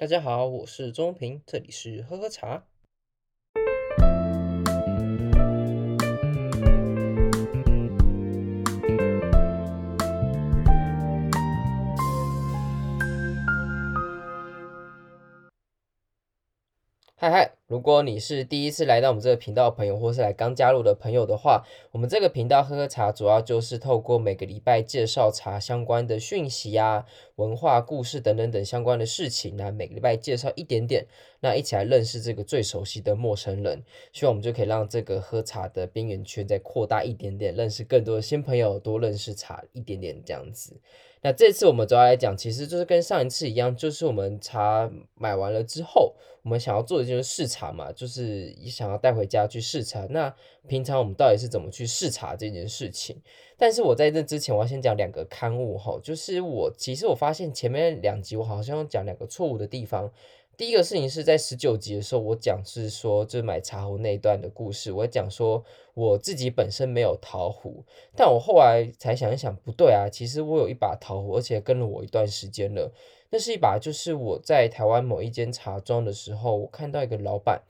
大家好，我是中平，這裡是呵呵茶。如果你是第一次來到我們這個頻道的朋友，或是來剛加入的朋友的話，我們這個頻道喝喝茶，主要就是透過每個禮拜介紹茶相關的訊息啊、文化故事等等等相關的事情來、啊、每個禮拜介紹一點點。那一起來認識這個最熟悉的陌生人，希望我們就可以讓這個喝茶的邊緣圈，再擴大一點點，認識更多的新朋友，多認識茶一點點這樣子。那這次我們主要來講，其實就是跟上一次一樣，就是我們茶買完了之後，我們想要做的就是試茶嘛，就是也想要帶回家去試茶。那平常我們到底是怎麼去試茶這件事情？但是我在這之前，我要先講兩個勘誤吼，就是我其實我發現前面兩集我好像講兩個錯誤的地方。第一個事情是在十九集的時候，我講是說，就買茶壺那一段的故事。我講說，我自己本身沒有陶壺，但我後來才想一想，不對啊，其實我有一把陶壺，而且跟了我一段時間了。那是一把，就是我在台灣某一間茶莊的時候，我看到一個老闆，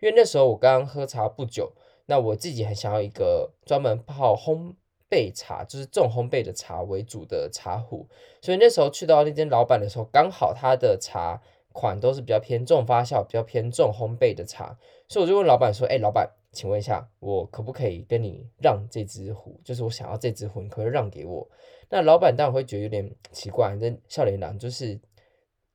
因為那時候我剛剛喝茶不久，那我自己很想要一個專門泡烘焙茶，就是重烘焙的茶為主的茶壺，所以那時候去到那間老闆的時候，剛好他的茶款都是比較偏重發酵、比較偏重烘焙的茶，所以我就問老板說：“哎、欸，老板，請問一下，我可不可以跟你讓這只壺？就是我想要這只壺，你可，可以讓給我？”那老板當然會覺得有點奇怪，那少年郎就是。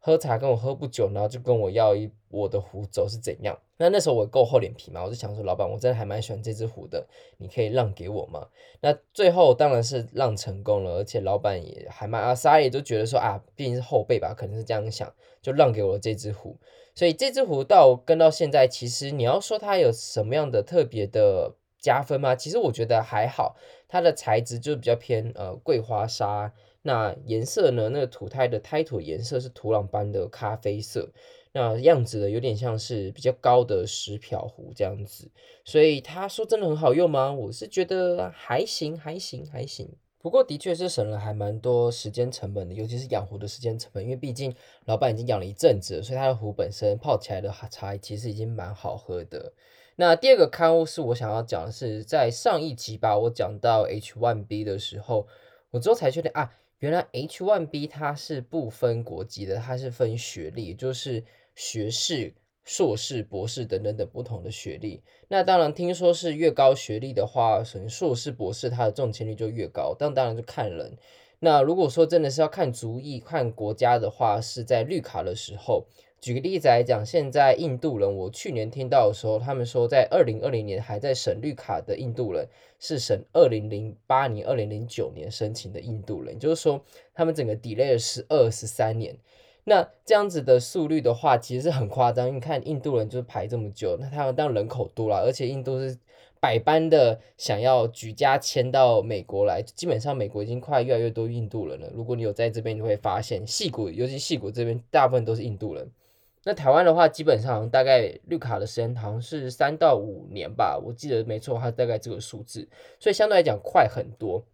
喝茶跟我喝不久，然後就跟我要一我的壺走是怎樣？那那時候我夠厚臉皮嘛，我就想說，老闆，我真的還蠻喜歡這隻壺的，你可以讓給我嗎？那最後當然是讓成功了，而且老闆也還蠻阿莎力，就覺得說啊，畢竟是後輩吧，可能是這樣想，就讓給我這隻壺。所以這隻壺到跟到現在，其實你要說它有什麼樣的特別的加分嗎？其實我覺得還好，它的材質就比較偏呃桂花砂。那顏色呢？那個土胎的胎土顏色是土壤般的咖啡色，那樣子的有點像是比較高的石瓢壺這樣子。所以他說真的很好用嗎？我是覺得還行還行還行。不過的確是省了還蠻多時間成本的，尤其是養壺的時間成本，因為畢竟老闆已經養了一陣子了，所以他的壺本身泡起來的茶其實已經蠻好喝的。那第二個刊物是我想要講的是在上一集吧，我講到 H one B 的時候，我之後才確定啊。原來 H one B 它是不分國籍的，它是分學歷，就是學士、碩士、博士等等等不同的學歷。那當然，聽說是越高學歷的話，從碩士、博士，它的中籤率就越高。但當然就看人。那如果說真的是要看族裔、看國家的話，是在綠卡的時候。舉個例子來講，現在印度人，我去年聽到的時候，他們說在二零二零年還在審綠卡的印度人，是審二零零八年、二零零九年申請的印度人，也就是說他們整個 delay 了十二、十三年。那這樣子的速率的話，其實是很誇張。你看印度人就是排這麼久，那他們當然人口多啦，而且印度是百般的想要舉家遷到美國來，基本上美國已經快越來越多印度人了。如果你有在這邊，你會發現矽谷，尤其矽谷這邊大部分都是印度人。那台灣的話，基本上大概綠卡的時間好像是三到五年吧，我記得沒錯，它大概這個數字，所以相對來講快很多。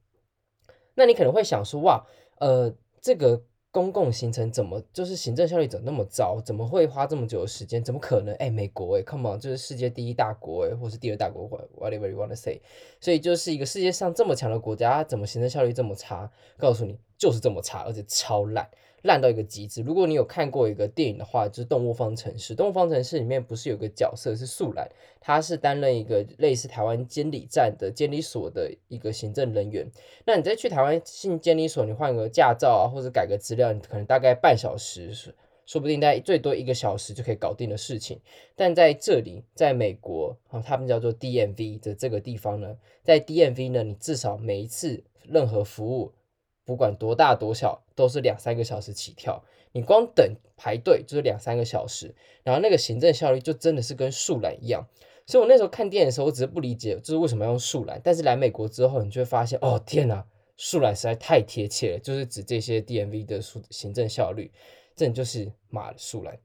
那你可能會想說，哇，呃，這個公共行程怎麼就是行政效率怎麼那麼糟？怎麼會花這麼久的時間，怎麼可能？哎、欸，美國、欸，哎，Come on，就是世界第一大國、欸，或是第二大國，whatever you want to say，所以就是一個世界上這麼強的國家、啊，怎麼行政效率這麼差？告訴你，就是這麼差，而且超爛。爛到一個極致。如果你有看過一個電影的話，就是動物方《動物方城市》。《動物方城市》裡面不是有個角色是樹懶，她是擔任一個類似台灣監理站的監理所的一個行政人員。那你在去台灣信監理所，你換個駕照啊，或者改個資料，你可能大概半小時，說不定在最多一個小時就可以搞定的事情。但在這裡，在美國啊，他們叫做 DMV 的這個地方呢，在 DMV 呢，你至少每一次任何服務。不管多大多小，都是兩三個小時起跳。你光等排隊就是兩三個小時，然後那個行政效率就真的是跟樹懶一樣。所以我那時候看電影的時候，我只是不理解，就是為什麼要用樹懶。但是來美國之後，你就會發現，哦天哪，樹懶實在太貼切了，就是指這些 DMV 的數行政效率，這人就是馬樹懶。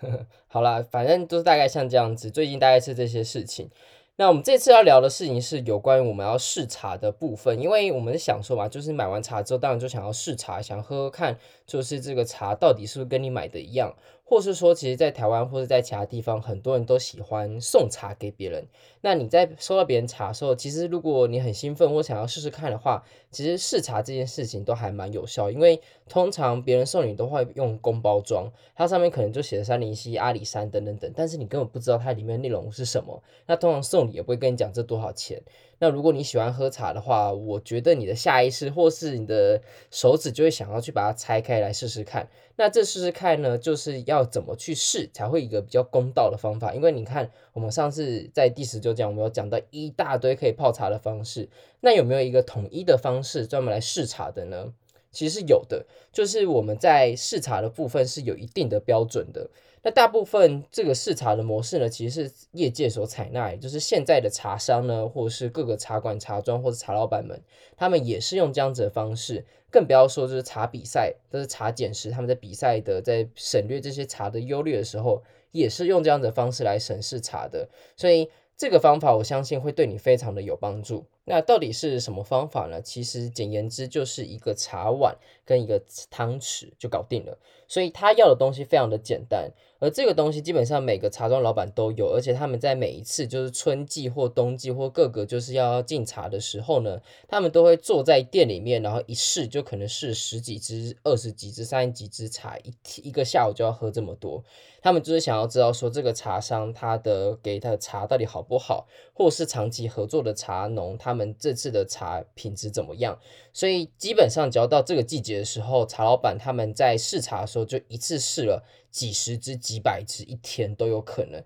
好啦，反正都是大概像這樣子，最近大概是這些事情。那我們這次要聊的事情是有關於我們要試茶的部分，因為我們想說嘛，就是買完茶之後，當然就想要試茶，想喝喝看。就是這個茶到底是不是跟你買的一樣，或是說其實，在台灣或是在其他地方，很多人都喜歡送茶給別人。那你在收到別人茶的時候，其實如果你很興奮或想要試試看的話，其實試茶這件事情都還蠻有效，因為通常別人送你都會用公包裝，它上面可能就寫三零七阿里山等等等，但是你根本不知道它裡面的內容是什麼。那通常送禮也不會跟你講這多少錢。那如果你喜歡喝茶的話，我覺得你的下意識或是你的手指就會想要去把它拆開來試試看。那這試試看呢，就是要怎麼去試才會一個比較公道的方法？因為你看，我們上次在第十九講，我們有講到一大堆可以泡茶的方式。那有沒有一個統一的方式專門來試茶的呢？其實是有的，就是我們在試茶的部分是有一定的標準的。那大部分這個試茶的模式呢，其實是業界所採納，就是現在的茶商呢，或者是各個茶館、茶莊或者茶老板們，他們也是用這樣子的方式，更不要說就是茶比賽，都、就是茶檢時，他們在比賽的在省略這些茶的優劣的時候，也是用這樣子的方式來審視茶的，所以這個方法我相信會對你非常的有幫助。那到底是什麼方法呢？其實簡言之就是一個茶碗跟一個湯匙就搞定了。所以他要的東西非常的簡單，而這個東西基本上每個茶莊老板都有，而且他們在每一次就是春季或冬季或各個就是要進茶的時候呢，他們都會坐在店裡面，然後一試就可能是十幾支、二十幾支、三十幾支茶，一一個下午就要喝這麼多。他們就是想要知道說，這個茶商他的給他的茶到底好不好，或是長期合作的茶農他。他們這次的茶品質怎麼樣？所以基本上，只要到這個季節的時候，茶老闆他們在試茶的時候，就一次試了幾十支、幾百支，一天都有可能。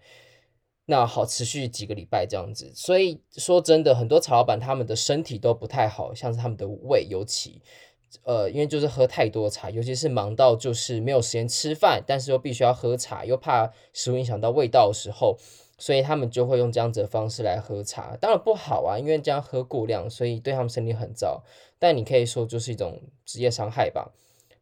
那好，持續幾個禮拜這樣子。所以說真的，很多茶老闆他們的身體都不太好，像是他們的胃，尤其呃，因為就是喝太多茶，尤其是忙到就是沒有時間吃飯，但是又必須要喝茶，又怕食物影響到味道的時候。所以他們就會用這樣子的方式來喝茶，當然不好啊，因為這樣喝過量，所以對他們身體很糟。但你可以說就是一種職業傷害吧。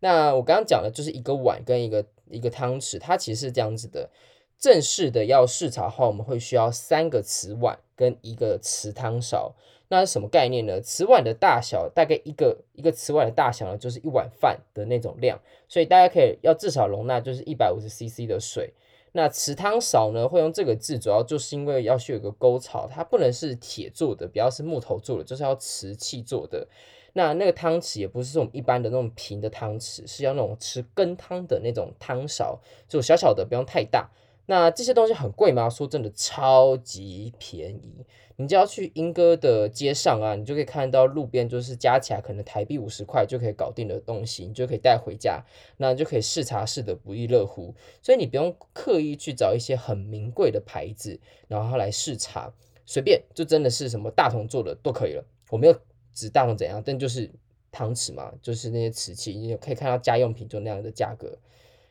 那我剛剛講的就是一個碗跟一個一個湯匙，它其實是這樣子的。正式的要試茶的話，我們會需要三個瓷碗跟一個瓷湯勺。那是什麼概念呢？瓷碗的大小大概一個一個瓷碗的大小呢，就是一碗飯的那種量，所以大家可以要至少容納就是一百五十 CC 的水。那瓷湯勺呢？會用這個字，主要就是因為要去有一個溝槽，它不能是鐵做的，不要是木頭做的，就是要瓷器做的。那那個湯匙也不是這種一般的那種平的湯匙，是要那種吃羹湯的那種湯勺，就小小的，不用太大。那這些東西很貴嗎？說真的，超級便宜。你只要去鶯歌的街上啊，你就可以看到路邊就是加起來可能台幣五十塊就可以搞定的東西，你就可以帶回家。那你就可以試茶試得不亦樂乎。所以你不用刻意去找一些很名貴的牌子，然後來試茶，隨便就真的是什麼大同做的都可以了。我沒有指大同怎樣，但就是搪瓷嘛，就是那些瓷器，你就可以看到家用品就那樣的價格。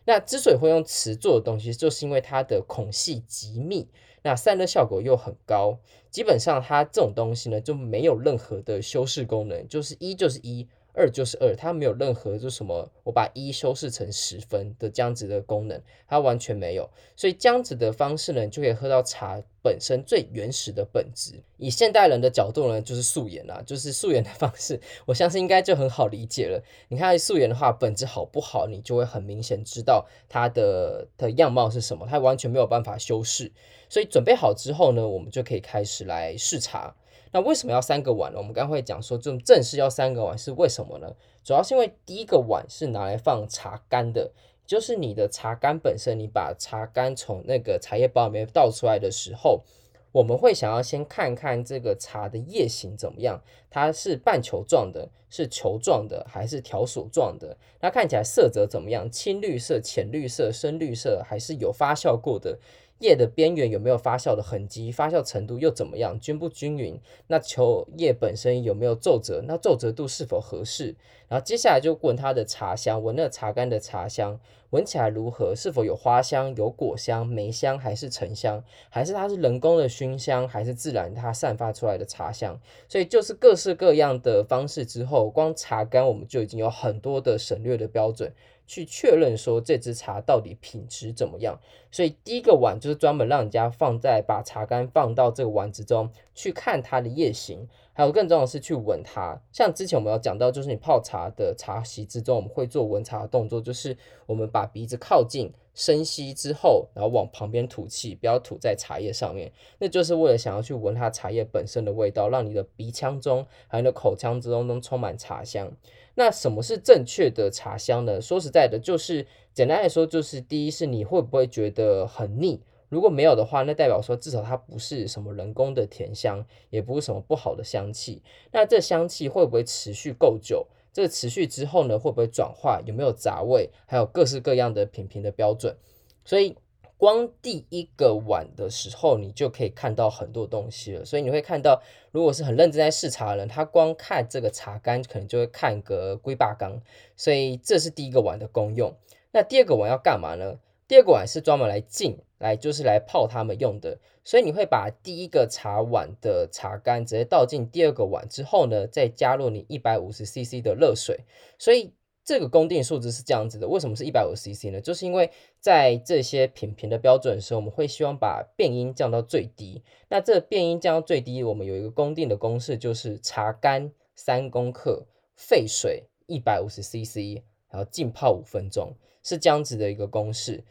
那之所以會用瓷做的東西，就是因為它的孔隙極密，那散熱效果又很高。基本上，它這種東西呢，就沒有任何的修飾功能，就是一就是一，二就是二，它沒有任何就什麼，我把一修飾成十分的這樣子的功能，它完全沒有。所以這樣子的方式呢，你就可以喝到茶本身最原始的本質。以現代人的角度呢，就是素顏啦、啊，就是素顏的方式，我相信應該就很好理解了。你看素顏的話，本質好不好，你就會很明顯知道它的它的樣貌是什麼，它完全沒有辦法修飾。所以準備好之後呢，我們就可以開始來試茶。那為什麼要三個碗呢？我們剛會講說，就正式要三個碗是為什麼呢？主要是因為第一個碗是拿來放茶乾的，就是你的茶乾本身，你把茶乾從那個茶葉包裡面倒出來的時候，我們會想要先看看這個茶的葉形怎麼樣，它是半球狀的，是球狀的，還是條索狀的？它看起來色澤怎麼樣？青綠色、淺綠色、深綠色，還是有發酵過的？葉的邊緣有沒有發酵的痕跡？發酵程度又怎麼樣？均不均勻？那球葉本身有沒有皺褶？那皺褶度是否合適？然後接下來就聞它的茶香，聞那茶乾的茶香，聞起來如何？是否有花香？有果香？梅香還是橙香？還是它是人工的燻香？還是自然它散發出來的茶香？所以就是各式各樣的方式之後，光茶乾我們就已經有很多的省略的標準。去確認說這支茶到底品質怎麼樣，所以第一個碗就是專門讓人家放在把茶乾放到這個碗之中去看它的葉形，還有更重要的是去聞它。像之前我們有講到，就是你泡茶的茶席之中，我們會做聞茶的動作，就是我們把鼻子靠近深吸之後，然後往旁邊吐氣，不要吐在茶葉上面，那就是為了想要去聞它茶葉本身的味道，讓你的鼻腔中還有你的口腔之中都充滿茶香。那什麼是正確的茶香呢？說實在的，就是簡單來說，就是第一是你會不會覺得很膩，如果沒有的話，那代表說至少它不是什麼人工的甜香，也不是什麼不好的香氣。那這香氣會不會持續夠久？這持續之後呢，會不會轉化？有沒有雜味？還有各式各樣的品評的標準。所以。光第一個碗的時候，你就可以看到很多東西了。所以你會看到，如果是很認真在試茶的人，他光看這個茶乾，可能就會看個龜巴缸。所以這是第一個碗的功用。那第二個碗要幹嘛呢？第二個碗是專門來浸，來就是來泡他們用的。所以你會把第一個茶碗的茶乾直接倒進第二個碗之後呢，再加入你一百五十 CC 的熱水。所以這個公定數值是這樣子的，為什麼是一百五十 cc 呢？就是因為在這些品評的標準的時候，我們會希望把變因降到最低。那這變因降到最低，我們有一個公定的公式，就是茶乾三公克，沸水一百五十 cc，然後浸泡五分鐘，是這樣子的一個公式。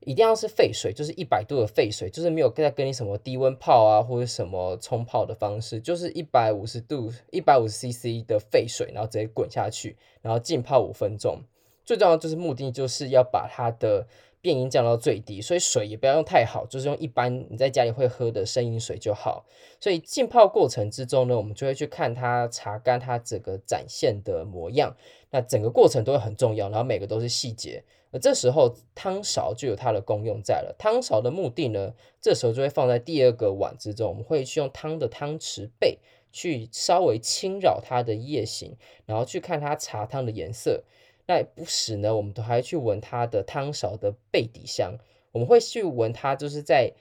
一定要是沸水，就是一百度的沸水，就是沒有在跟你什麼低溫泡啊，或者什麼沖泡的方式，就是一百五十度、一百五十 CC 的沸水，然後直接滾下去，然後浸泡五分鐘。最重要的就是目的，就是要把它的。變因降到最低，所以水也不要用太好，就是用一般你在家裡會喝的生飲水就好。所以浸泡過程之中呢，我們就會去看它茶乾它整個展現的模樣，那整個過程都會很重要，然後每個都是細節。而這時候湯勺就有它的功用在了，湯勺的目的呢，這時候就會放在第二個碗之中，我們會去用湯的湯匙背去稍微侵擾它的液型，然後去看它茶湯的顏色。那也不時呢，我們都還去聞它的湯勺的背底香。我們會去聞它，就是在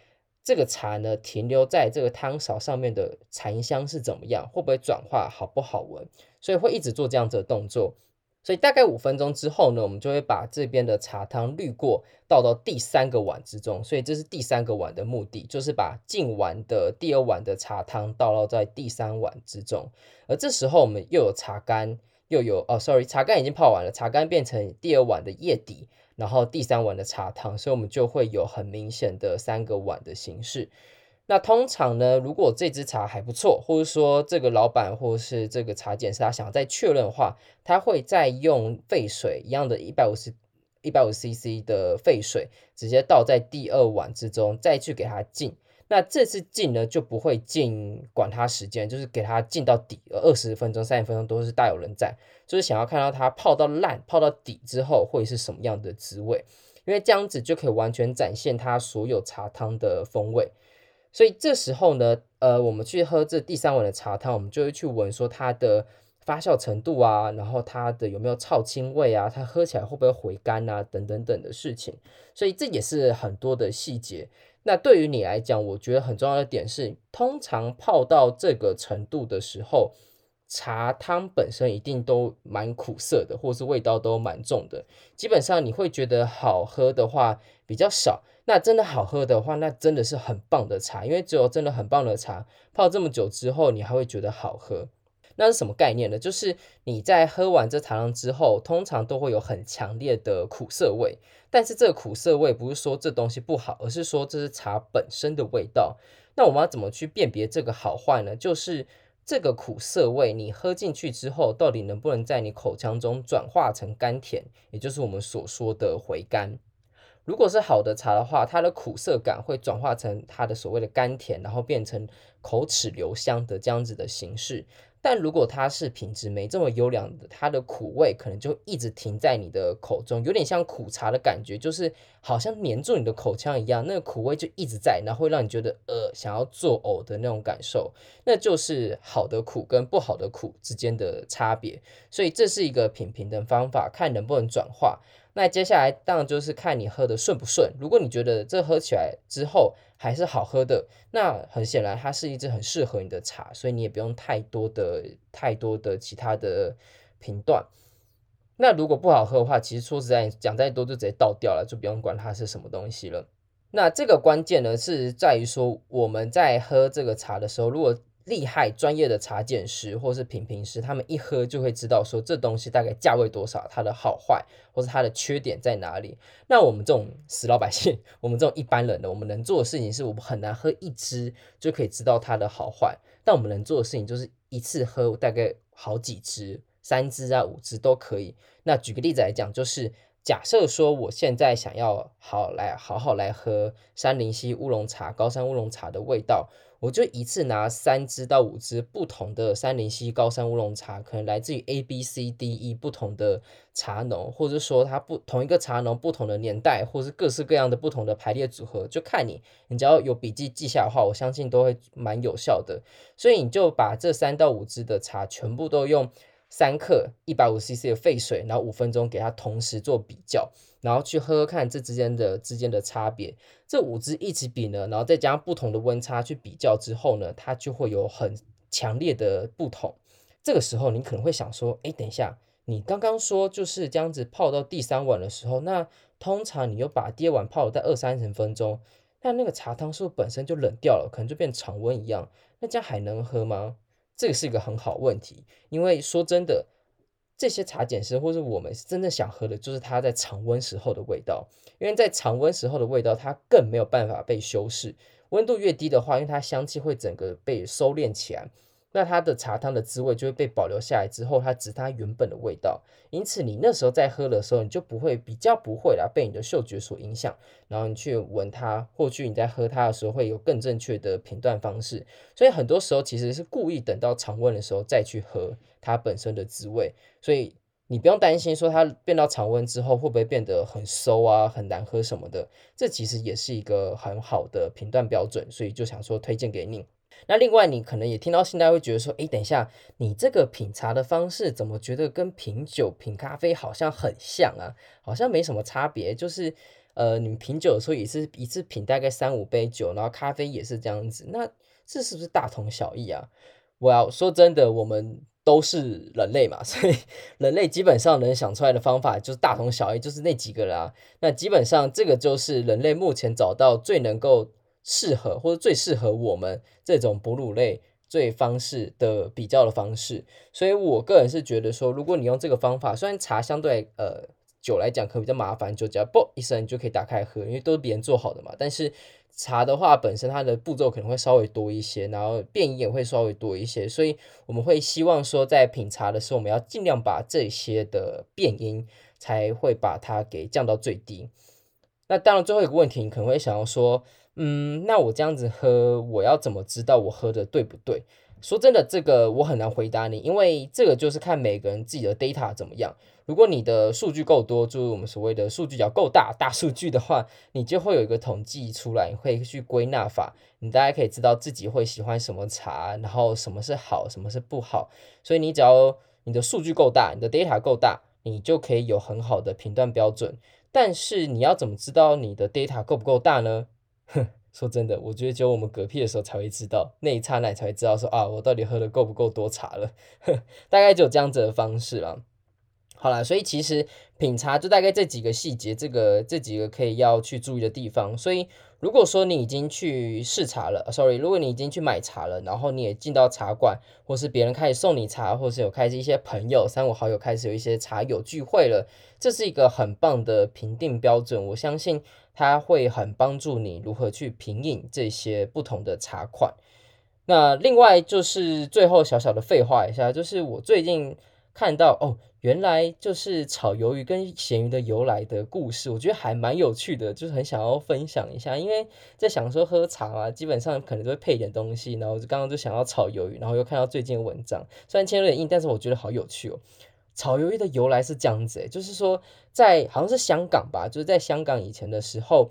這個茶呢，停留在這個湯勺上面的殘香是怎麼樣，會不會轉化，好不好聞？所以會一直做這樣子的動作。所以大概五分鐘之後呢，我們就會把這邊的茶湯濾過，倒到第三個碗之中。所以這是第三個碗的目的，就是把浸完的第二碗的茶湯倒落在第三碗之中。而這時候我們又有茶乾。就有哦，sorry，茶乾已經泡完了，茶乾變成第二碗的葉底，然後第三碗的茶湯，所以我們就會有很明顯的三個碗的形式。那通常呢，如果這支茶還不錯，或者說這個老板或是這個茶檢是他想再確認的話，他會再用沸水一樣的一百五十一百五十 cc 的沸水，直接倒在第二碗之中，再去給它浸。那這次浸呢，就不會浸，管它時間，就是給它浸到底，二十分鐘、三十分鐘都是大有人在，就是想要看到它泡到爛、泡到底之後會是什麼樣的滋味，因為這樣子就可以完全展現它所有茶湯的風味。所以這時候呢，呃，我們去喝這第三碗的茶湯，我們就會去聞說它的發酵程度啊，然後它的有沒有草青味啊，它喝起來會不會回甘啊，等等等等的事情。所以這也是很多的細節。那對於你來講，我覺得很重要的點是，通常泡到這個程度的時候，茶湯本身一定都蠻苦澀的，或是味道都蠻重的。基本上你會覺得好喝的話比較少，那真的好喝的話，那真的是很棒的茶，因為只有真的很棒的茶泡這麼久之後，你還會覺得好喝。那是什麼概念呢？就是你在喝完這茶湯之後，通常都會有很強烈的苦澀味。但是這個苦澀味不是說這東西不好，而是說這是茶本身的味道。那我們要怎麼去辨別這個好壞呢？就是這個苦澀味，你喝進去之後，到底能不能在你口腔中轉化成甘甜，也就是我們所說的回甘。如果是好的茶的話，它的苦澀感會轉化成它的所謂的甘甜，然後變成口齒留香的這樣子的形式。但如果它是品質沒這麼優良的，它的苦味可能就一直停在你的口中，有點像苦茶的感覺，就是好像黏住你的口腔一樣，那個苦味就一直在，然後會讓你覺得呃想要作嘔的那種感受，那就是好的苦跟不好的苦之間的差別，所以這是一個品評的方法，看能不能轉化。那接下來當然就是看你喝得順不順。如果你覺得這喝起來之後還是好喝的，那很顯然它是一支很適合你的茶，所以你也不用太多的、太多的其他的評斷。那如果不好喝的話，其實說實在，講再多就直接倒掉了，就不用管它是什麼東西了。那這個關鍵呢，是在於說我們在喝這個茶的時候，如果厲害專業的茶檢師或是品評師，他們一喝就會知道說這東西大概價位多少，它的好壞，或是它的缺點在哪裡。那我們這種死老百姓，我們這種一般人的，我們能做的事情是，我們很難喝一支就可以知道它的好壞。但我們能做的事情就是一次喝大概好幾支，三支啊五支都可以。那舉個例子來講，就是。假設說我現在想要好來好好來喝杉林溪烏龍茶、高山烏龍茶的味道，我就一次拿三支到五支不同的杉林溪高山烏龍茶，可能來自於 A B C D E 不同的茶農，或者說它不同一個茶農不同的年代，或是各式各樣的不同的排列組合，就看你，你只要有筆記記下的話，我相信都會蠻有效的。所以你就把這三到五支的茶全部都用。三克一百五十 cc 的沸水，然後五分鐘給它同時做比較，然後去喝喝看這之間的之間的差別。這五支一起比呢，然後再加上不同的溫差去比較之後呢，它就會有很強烈的不同。這個時候你可能會想說，哎、欸，等一下，你剛剛說就是這樣子泡到第三碗的時候，那通常你又把第二碗泡在二三十分鐘，那那個茶湯是不是本身就冷掉了，可能就變常溫一樣？那這樣還能喝嗎？這個是一個很好問題，因為說真的，這些茶檢師或是我們真正想喝的，就是它在常溫時候的味道。因為在常溫時候的味道，它更沒有辦法被修飾。溫度越低的話，因為它香氣會整個被收斂起來。那它的茶湯的滋味就會被保留下來，之後它只它原本的味道，因此你那時候在喝的時候，你就不會比較不會啦，被你的嗅覺所影響，然後你去聞它，或許你在喝它的時候會有更正確的評斷方式。所以很多時候其實是故意等到常溫的時候再去喝它本身的滋味，所以你不用擔心說它變到常溫之後會不會變得很餿啊、很難喝什麼的，這其實也是一個很好的評斷標準，所以就想說推薦給你。那另外，你可能也聽到現在會覺得說，誒，等一下，你這個品茶的方式怎麼覺得跟品酒、品咖啡好像很像啊？好像沒什麼差別，就是，呃，你品酒的時候也是一次品大概三五杯酒，然後咖啡也是這樣子，那這是，是不是大同小異啊？我、well, 要說真的，我們都是人類嘛，所以人類基本上能想出來的方法就是大同小異，就是那幾個啦、啊。那基本上這個就是人類目前找到最能夠。適合或者最適合我們這種哺乳類最方式的比較的方式，所以我個人是覺得說，如果你用這個方法，雖然茶相對呃酒來講可能比較麻煩，就只要啵一聲就可以打開喝，因為都是別人做好的嘛。但是茶的話本身它的步驟可能會稍微多一些，然後變因也會稍微多一些，所以我們會希望說，在品茶的時候，我們要儘量把這些的變因才會把它給降到最低。那當然，最後一個問題，你可能會想要說。嗯，那我這樣子喝，我要怎麼知道我喝的對不對？說真的，這個我很難回答你，因為這個就是看每個人自己的 data 怎麼樣。如果你的數據夠多，就是我們所謂的數據要夠大，大數據的話，你就會有一個統計出來，你會去歸納法，你大家可以知道自己會喜歡什麼茶，然後什麼是好，什麼是不好。所以你只要你的數據夠大，你的 data 夠大，你就可以有很好的評斷標準。但是你要怎麼知道你的 data 夠不夠大呢？說真的，我覺得只有我們嗝屁的時候才會知道，那一剎那才會知道說，說啊，我到底喝了夠不夠多茶了，呵，大概只有這樣子的方式啦。好啦，所以其實品茶就大概這幾個細節，這個這幾個可以要去注意的地方，所以。如果說你已經去試茶了，sorry，如果你已經去買茶了，然後你也進到茶館，或是別人開始送你茶，或是有開始一些朋友三五好友開始有一些茶友聚會了，這是一個很棒的評定標準，我相信它會很幫助你如何去評飲這些不同的茶款。那另外就是最後小小的廢話一下，就是我最近。看到哦，原來就是炒魷魚跟鹹魚的由來的故事，我覺得還蠻有趣的，就是很想要分享一下。因為在想說喝茶啊，基本上可能都會配一點東西，然後就剛剛就想要炒魷魚，然後又看到最近的文章，雖然牽有點硬，但是我覺得好有趣哦。炒魷魚的由來是這樣子，就是說在好像是香港吧，就是在香港以前的時候。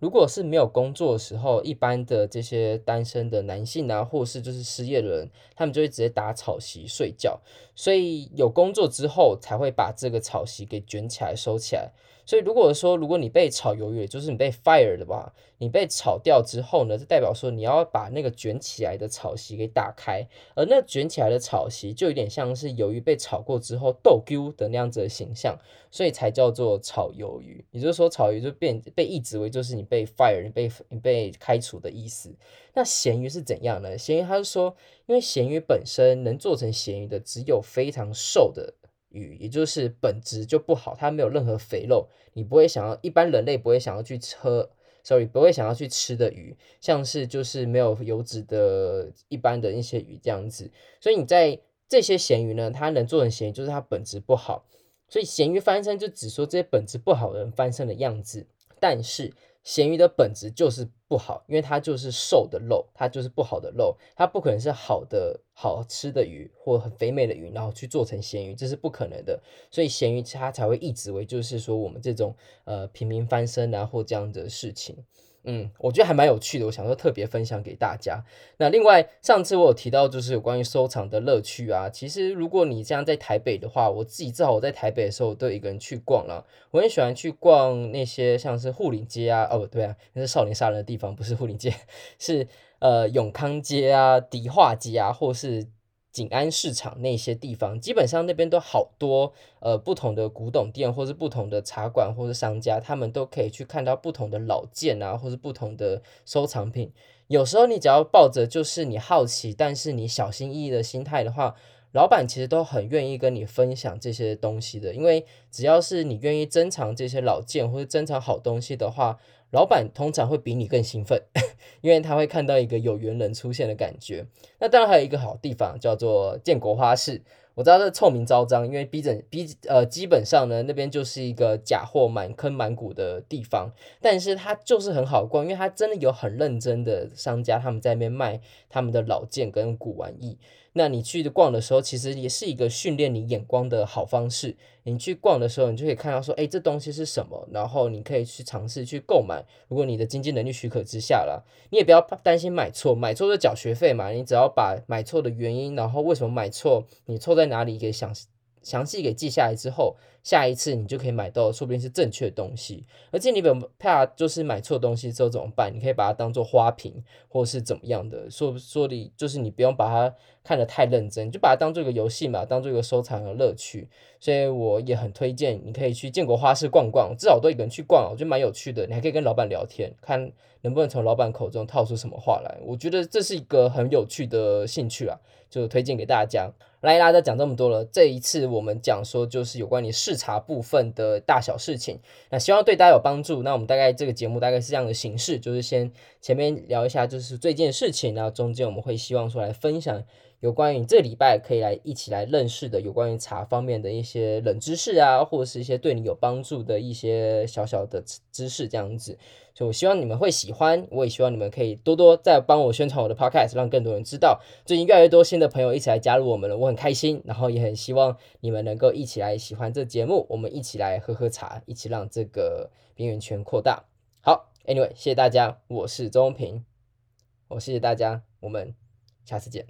如果是沒有工作的時候，一般的這些單身的男性啊，或是就是失業的人，他們就會直接打草席睡覺。所以有工作之後，才會把這個草席給捲起來收起來。所以如果說，如果你被炒魷魚，就是你被 fire 的吧？你被炒掉之後呢，就代表說你要把那個捲起來的草蓆給打開，而那捲起來的草蓆就有點像是魷魚被炒過之後斗丟的那樣子的形象，所以才叫做炒魷魚。也就是說，炒魷就變被意指為就是你被 fire 你被你被開除的意思。那鹹魚是怎樣呢？鹹魚它是說，因為鹹魚本身能做成鹹魚的，只有非常瘦的。魚也就是本質就不好，它沒有任何肥肉，你不會想要，一般人類不會想要去吃，所以不會想要去吃的魚，像是就是沒有油脂的一般的一些魚這樣子，所以你在這些鹹魚呢，它能做成鹹魚，就是它本質不好，所以鹹魚翻身就只說這些本質不好的人翻身的樣子，但是鹹魚的本質就是不好，因為它就是瘦的肉，它就是不好的肉，它不可能是好的、好吃的魚或很肥美的魚，然後去做成鹹魚，這是不可能的。所以鹹魚它才會一直為，就是說我們這種呃平民翻身啊，或這樣的事情。嗯，我覺得還蠻有趣的，我想說特別分享給大家。那另外上次我有提到，就是有關於收藏的樂趣啊。其實如果你這樣在台北的話，我自己至少我在台北的時候，都有一個人去逛了。我很喜歡去逛那些像是牯嶺街啊，哦對啊，那是少年殺人的地方，不是牯嶺街，是呃永康街啊、迪化街啊，或是。景安市場那些地方，基本上那邊都好多呃不同的古董店，或是不同的茶館，或是商家，他們都可以去看到不同的老件啊，或是不同的收藏品。有時候你只要抱着就是你好奇，但是你小心翼翼的心態的話，老闆其實都很願意跟你分享這些東西的，因為只要是你願意珍藏這些老件或是珍藏好東西的話，老闆通常會比你更興奮，因為他會看到一個有緣人出現的感覺。那當然還有一個好地方叫做建國花市，我知道這是臭名昭彰，因為逼整逼呃基本上呢那邊就是一個假貨滿坑滿谷的地方，但是它就是很好逛，因為它真的有很認真的商家，他們在那邊賣他們的老件跟古玩意。那你去逛的時候，其實也是一個訓練你眼光的好方式。你去逛的時候，你就可以看到說，哎、欸，這東西是什麼，然後你可以去嘗試去購買。如果你的經濟能力許可之下啦，你也不要擔心買錯，買錯就繳學費嘛。你只要把買錯的原因，然後為什麼買錯，你錯在哪裡，給想。詳細給記下來之後，下一次你就可以買到說不定是正確的東西，而且你也不怕就是買錯東西之後怎麼辦？你可以把它當做花瓶，或是怎麼樣的，說說你就是你不用把它看得太認真，就把它當做一個遊戲嘛，當做一個收藏的樂趣。所以我也很推薦你可以去建國花市逛逛，至少都多一個人去逛，我覺得蠻有趣的。你還可以跟老闆聊天，看能不能從老闆口中套出什麼話來。我覺得這是一個很有趣的興趣啊，就推薦給大家。來，大家再講這麼多了，這一次我們講說就是有關於試茶部分的大小事情，那希望對大家有幫助。那我們大概這個節目大概是這樣的形式，就是先前面聊一下就是最近的事情，然後中間我們會希望說來分享。有關於這禮拜可以來一起來認識的有關於茶方面的一些冷知識啊，或者是一些對你有幫助的一些小小的知識，這樣子，所以我希望你們會喜歡，我也希望你們可以多多再幫我宣傳我的 podcast，讓更多人知道。最近越來越多新的朋友一起來加入我們了，我很開心，然後也很希望你們能夠一起來喜歡這節目，我們一起來喝喝茶，一起讓這個邊緣圈擴大。好，Anyway，謝謝大家，我是周中平，我謝謝大家，我們下次見。